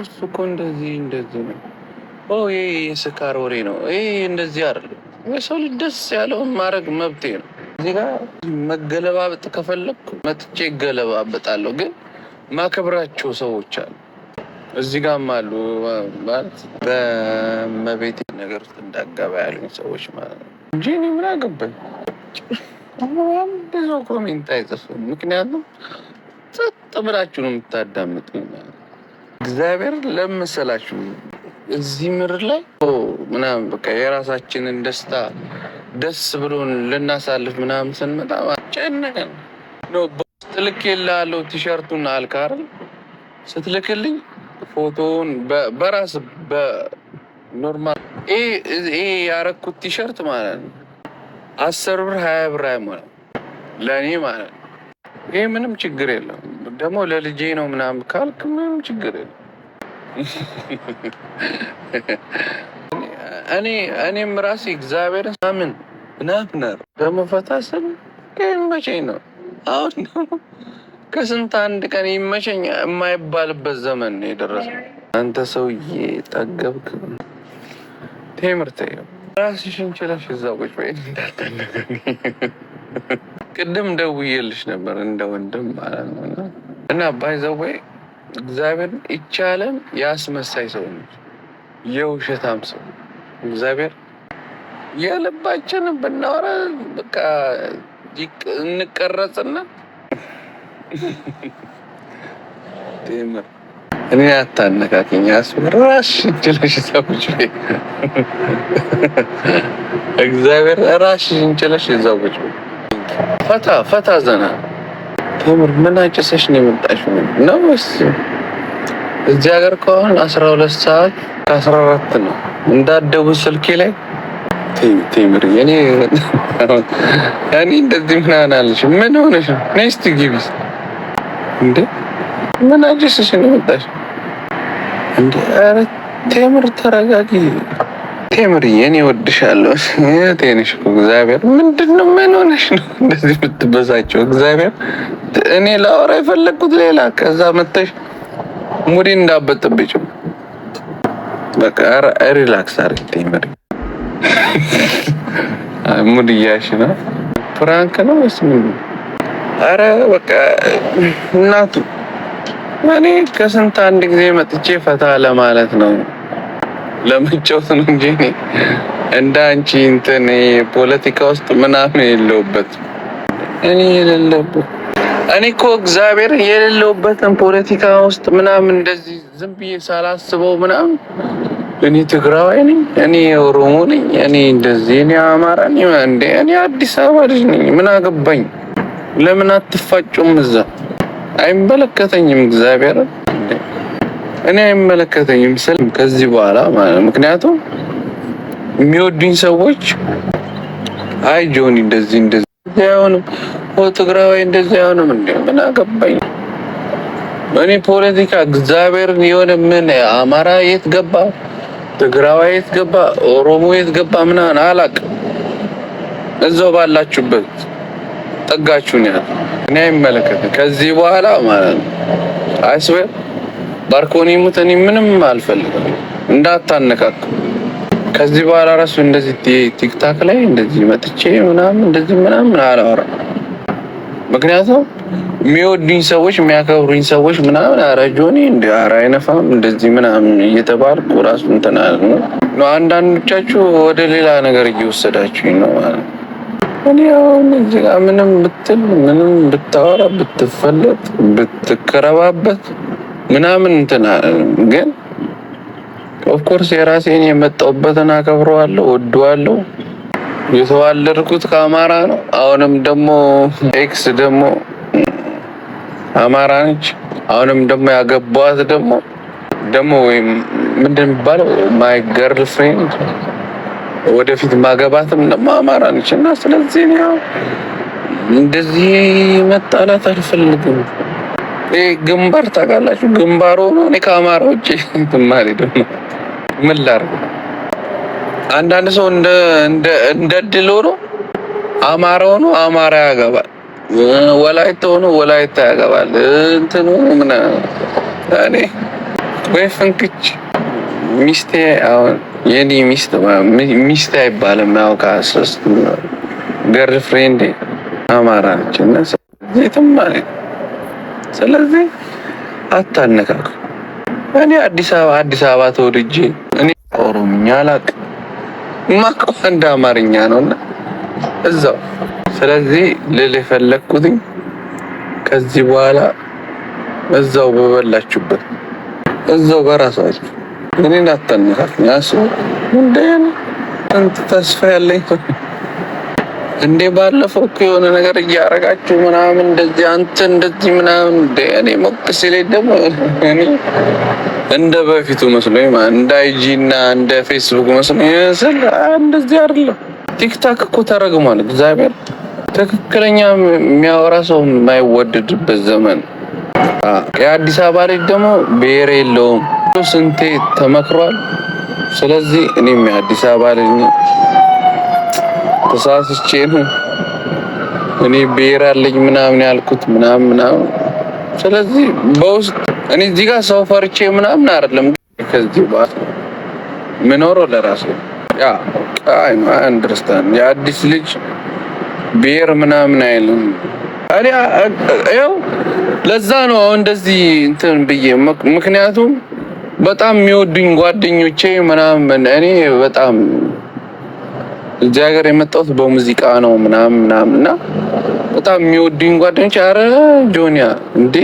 እሱ እኮ እንደዚህ እንደዚህ ነው። ይሄ የስካር ወሬ ነው። ይሄ እንደዚህ አይደለም። የሰው ልጅ ደስ ያለውን ማድረግ መብቴ ነው። እዚህ ጋር መገለባበጥ ከፈለግኩ መጥቼ ይገለባበጣለሁ። ግን ማከብራቸው ሰዎች አሉ፣ እዚህ ጋም አሉ። ማለት በመቤቴ ነገር ውስጥ እንዳገባ ያሉኝ ሰዎች ማለት ነው እንጂ እኔ ምን አገባኝ። ብዙ ኮሜንት አይጽፉም፣ ምክንያቱም ጸጥ ብላችሁ ነው የምታዳምጡኝ እግዚአብሔር ለምሰላችሁ እዚህ ምድር ላይ ምናምን በቃ የራሳችንን ደስታ ደስ ብሎን ልናሳልፍ ምናምን ስንመጣ ጨነቀን። የላለው ቲሸርቱን አልካርም ስትልክልኝ ፎቶውን በራስ በኖርማል ይሄ ያረኩት ቲሸርት ማለት ነው አስር ብር ሀያ ብር አይሞላም ለእኔ ማለት ነው። ይሄ ምንም ችግር የለውም። ደግሞ ለልጄ ነው ምናምን ካልክ ምንም ችግር የለም። እኔ እኔም ራሴ እግዚአብሔርን ሳምን ምናምን በመፈታ ስል ይመቸኝ ነው። አሁን ደግሞ ከስንት አንድ ቀን ይመቸኝ የማይባልበት ዘመን ነው የደረሰ። አንተ ሰውዬ ጠገብክ። ቴምርተ ራስሽን ችለሽ እዛ ቁጭ በይ እንዳልተነገ ቅድም ደውዬልሽ ነበር እንደ ወንድም ማለት ነው። እና ባይዘወይ እግዚአብሔር ይቻለን የአስመሳይ ሰው ነች፣ የውሸታም ሰው እግዚአብሔር የልባችን ብናወራ በቃ እንቀረጽና ምር እኔ አታነካከኝ አስራሽ እንችለሽ ዘውጭ እግዚአብሔር ራሽ እንችለሽ ሰዎች ፈታ ፈታ ዘና ተምር ምን አጭሰሽ ነው የመጣሽው? ነው ወይስ እዚህ ሀገር ከሆነ 12 ሰዓት ከ14 ነው እንዳደቡ ስልኬ ላይ ቴምር የኔ ያኔ እንደዚህ ምን አናልሽ? ምን ሆነሽ ነው? ነይ እስቲ ግቢ። እንዴ ምን አጭሰሽ ነው የመጣሽው? እንዴ ኧረ ቴምር ተረጋጊ። ቴምር የኔ ወድሻለሁ ቴንሽ እግዚአብሔር ምንድን ነው ምን ሆነሽ ነው እንደዚህ የምትበሳቸው? እግዚአብሔር እኔ ላወራ የፈለግኩት ሌላ፣ ከዛ መተሽ ሙዲ እንዳበጥብጭ በቃ ሪላክስ አር ቴምር ሙድ እያሽ ነው ፕራንክ ነው ስ አረ በቃ እናቱ እኔ ከስንት አንድ ጊዜ መጥቼ ፈታ ለማለት ነው ለመጫወት ነው እንጂ እኔ እንደ አንቺ እንትን ፖለቲካ ውስጥ ምናምን የለውበት። እኔ የሌለበት እኔ እኮ እግዚአብሔር የሌለውበትን ፖለቲካ ውስጥ ምናምን እንደዚህ ዝም ብዬ ሳላስበው ምናምን እኔ ትግራዋይ ነኝ፣ እኔ የኦሮሞ ነኝ፣ እኔ እንደዚህ፣ እኔ አማራ ነኝ፣ እንደ እኔ አዲስ አበባ ልጅ ነኝ። ምን አገባኝ? ለምን አትፋጩም? እዛ አይመለከተኝም እግዚአብሔር እኔ አይመለከተኝም ስል ከዚህ በኋላ ማለት ምክንያቱም የሚወዱኝ ሰዎች አይ ጆኒ እንደዚህ እንደዚህ አይሆንም፣ ትግራዋይ እንደዚህ አይሆንም። እንደ ምን አገባኝ እኔ ፖለቲካ እግዚአብሔር የሆነ ምን አማራ የት ገባ፣ ትግራዋይ የት ገባ፣ ኦሮሞ የት ገባ ምናምን አላቅም። እዛው ባላችሁበት ጠጋችሁን ያ እኔ አይመለከተኝ ከዚህ በኋላ ማለት ነው አይስበር ባርኮኒ ሙት። እኔ ምንም አልፈልግም፣ እንዳታነካክ ከዚህ በኋላ ራሱ እንደዚህ ቲክታክ ላይ እንደዚህ መጥቼ ምናምን እንደዚህ ምናምን አላወራም። ምክንያቱም የሚወዱኝ ሰዎች የሚያከብሩኝ ሰዎች ምናምን አረጆኒ ጆኒ እንደ አይነፋም እንደዚህ ምናምን እየተባልኩ ራሱ እንትናል ነው። አንዳንዶቻችሁ ወደ ሌላ ነገር እየወሰዳችሁኝ ነው ማለት ነው። እኔ አሁን እዚህ ጋር ምንም ብትል ምንም ብታወራ ብትፈለጥ ብትከረባበት ምናምን እንትና ግን ኦፍኮርስ የራሴን የመጣሁበትን አከብረዋለሁ፣ ወደዋለሁ። የተዋለድኩት ከአማራ ነው። አሁንም ደግሞ ኤክስ ደግሞ አማራ ነች። አሁንም ደግሞ ያገባዋት ደግሞ ደግሞ ወይም ምንድን የሚባለው ማይ ገርል ፍሬንድ ወደፊት ማገባትም ደግሞ አማራ ነች እና ስለዚህ እንደዚህ መጣላት አልፈልግም። ግንባር ታውቃላችሁ? ግንባር ሆኖ እኔ ከአማራ ውጭ ትማሪ ደግሞ ምን ላድርግ። አንዳንድ ሰው እንደ እንደ ድል ሆኖ አማራ ሆኖ አማራ ያገባል፣ ወላይታ ሆኖ ወላይታ ያገባል። እንትን ሆኖ ምን እኔ ወይ ፍንክች ሚስቴ አሁን የኔ ሚስት ሚስቴ አይባልም። ያው ከአስረስት ገርል ፍሬንድ አማራ ነች እና ስለዚህ አታነካክ። እኔ አዲስ አበባ አዲስ አበባ ተወልጄ እኔ ኦሮምኛ አላቅም ማቆ እንደ አማርኛ ነውና እዛው። ስለዚህ ልልህ የፈለግኩት ከዚህ በኋላ እዛው በበላችሁበት እዛው በራሳችሁ እኔን አታነካክ። ያሱ እንደ ተስፋ ያለኝ እንዴ ባለፈው እኮ የሆነ ነገር እያረጋችሁ ምናምን እንደዚህ አንተ እንደዚህ ምናምን እንደ እኔ ሞቅ ሲል ደግሞ እኔ እንደ በፊቱ መስሎኝ እንደ አይጂ እና እንደ ፌስቡክ መስሎኝ ስል እንደዚህ አይደለም። ቲክታክ እኮ ተረግሟል። እግዚአብሔር ትክክለኛ የሚያወራ ሰው የማይወደድበት ዘመን። የአዲስ አበባ ልጅ ደግሞ ብሔር የለውም ስንቴ ተመክሯል። ስለዚህ እኔም የአዲስ አበባ ልጅ ነው ተሳስቼ ነው እኔ ብሔር አለኝ ምናምን ያልኩት ምናምን ምናምን። ስለዚህ በውስጥ እኔ እዚህ ጋር ሰው ፈርቼ ምናምን አይደለም። ከዚህ በኋላ ምኖረው ለራሴ ያ አንደርስታንድ የአዲስ ልጅ ብሔር ምናምን አይልም። ያው ለዛ ነው አሁን እንደዚህ እንትን ብዬ ምክንያቱም በጣም የሚወዱኝ ጓደኞቼ ምናምን እኔ በጣም እዚህ ሀገር የመጣሁት በሙዚቃ ነው ምናምን ምናምን እና በጣም የሚወዱኝ ጓደኞች አረ ጆኒያ እንዴ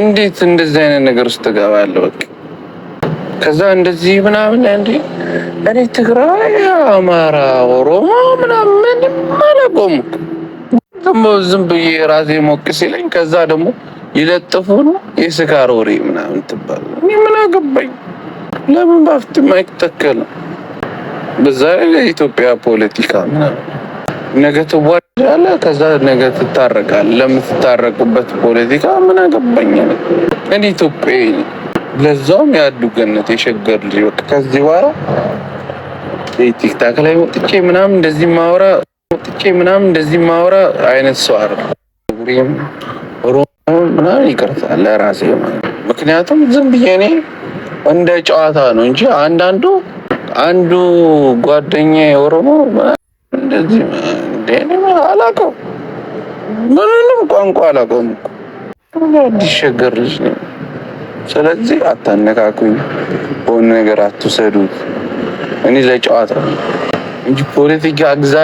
እንዴት እንደዚህ አይነት ነገር ውስጥ ትገባለህ? በቃ ከዛ እንደዚህ ምናምን እንዴ እኔ ትግራይ፣ አማራ፣ ኦሮሞ ምናምን ማለቆም ደሞ ዝም ብዬ ራሴ ሞቅ ሲለኝ ከዛ ደግሞ ይለጥፉ ነው የስካር ወሬ ምናምን ትባል። እኔ ምን አገባኝ? ለምን ባፍት ባፍትም አይተከልም? በዛ የኢትዮጵያ ፖለቲካ ነገ ትዋጃለ፣ ከዛ ነገ ትታረቃል። ለምትታረቁበት ፖለቲካ ምን አገባኝ ነው እኔ ኢትዮጵያ። ለዛውም ያዱ ገነት የሸገር ልጅ በቃ ከዚህ በኋላ ቲክታክ ላይ ወጥቼ ምናምን እንደዚህ ማውራ ወጥቼ ምናምን እንደዚህ ማውራ አይነት ሰው ሮም ምናምን ይቅርታል ለራሴ። ምክንያቱም ዝም ብዬ እኔ እንደ ጨዋታ ነው እንጂ አንዳንዱ አንዱ ጓደኛ የኦሮሞ እንደዚህ አላውቀውም፣ ምንንም ቋንቋ አላውቀውም። አዲስ ሸገር ልጅ ነው። ስለዚህ አታነካኩኝ፣ በሆነ ነገር አትውሰዱት። እኔ ለጨዋታ እንጂ ፖለቲካ ግዛ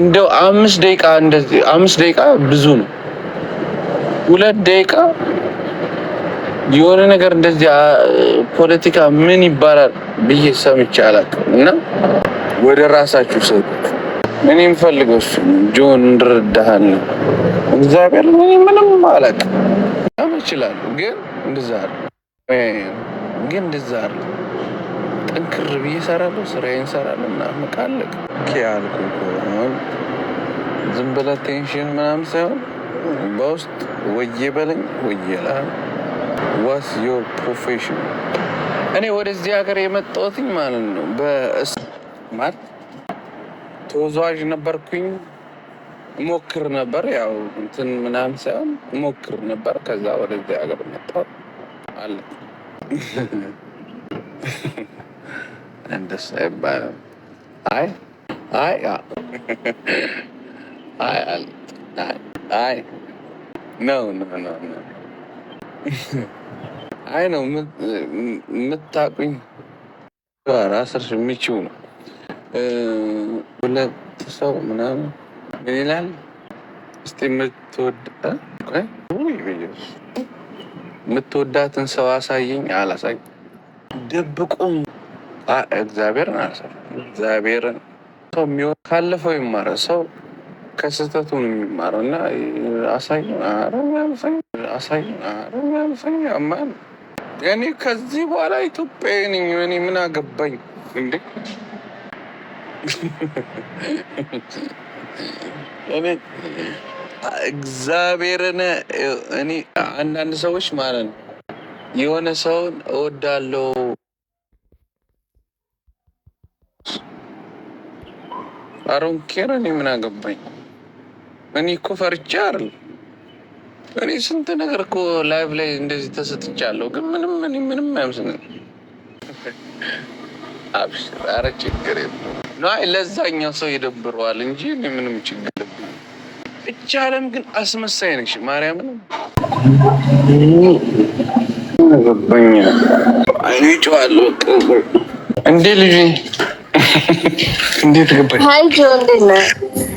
እንደው አምስት ደቂቃ እንደዚህ አምስት ደቂቃ ብዙ ነው። ሁለት ደቂቃ የሆነ ነገር እንደዚህ ፖለቲካ ምን ይባላል ብዬ ሰምቼ አላውቅም። እና ወደ ራሳችሁ ሰ እኔ የምፈልገው እሱ ጆን እንድረዳሃል። እግዚአብሔር እኔ ምንም አላውቅም እችላለሁ፣ ግን እንደዛ ግን እንደዛ አለ ጠንክር ብዬ እሰራለሁ፣ ስራዬን እሰራለሁ። እና መቃለቅ ኪያልኩ ዝም ብለህ ቴንሽን ምናምን ሳይሆን በውስጥ ወየ በለኝ ወየላል ዋስ ዮር ፕሮፌሽን? እኔ ወደዚህ ሀገር የመጣሁትኝ ማለት ነው በእስ ማለት ተወዛዋዥ ነበርኩኝ። ሞክር ነበር ያው እንትን ምናምን ሳይሆን ሞክር ነበር። ከዛ ወደዚህ ሀገር መጣሁ አለ። እንደሱ አይባልም። አይ አይ አይ አይ ነው ነው ነው አይ ነው የምታቁኝ ራስሽ የሚችው ነው ሁለት ሰው ምናምን ምን ይላል? እስቲ የምትወዳትን ሰው አሳየኝ። አላሳይ ደብቁም እግዚአብሔርን አላሳ እግዚአብሔርን ሰው የሚሆን ካለፈው ይማረ ሰው ከስህተቱን የሚማረው እና አሳይ አረ አላሳይ አሳዩን። እኔ ከዚህ በኋላ ኢትዮጵያዊ ነኝ። እኔ ምን አገባኝ እንዴ? እኔ እግዚአብሔርን እኔ አንዳንድ ሰዎች ማለት ነው የሆነ ሰውን እወዳለሁ አሮንኬር እኔ ምን አገባኝ? እኔ እኮ አይደል እኔ ስንት ነገር እኮ ላይቭ ላይ እንደዚህ ተሰጥቻለሁ፣ ግን ምንም እኔ ምንም አያምስንም። አብሽር፣ አረ ችግር የለም። ለዛኛው ሰው ይደብረዋል እንጂ እኔ ምንም ችግር እች ዓለም ግን አስመሳይ ነሽ። ማርያምን ገባኛ አይኑ ይጨዋል። እንዴ ልጅ እንዴት ገባኝ?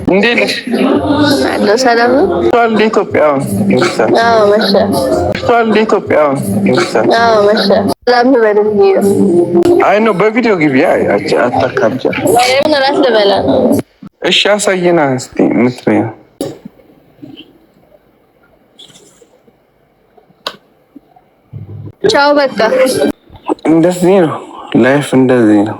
ሰላም እንደ ሰላም በደንብ አይ ነው። በቪዲዮ ግቢ አታካብጫ። እሺ አሳየና እስኪ የምትበይው ቻው። በቃ እንደዚህ ነው ላይፍ፣ እንደዚህ ነው።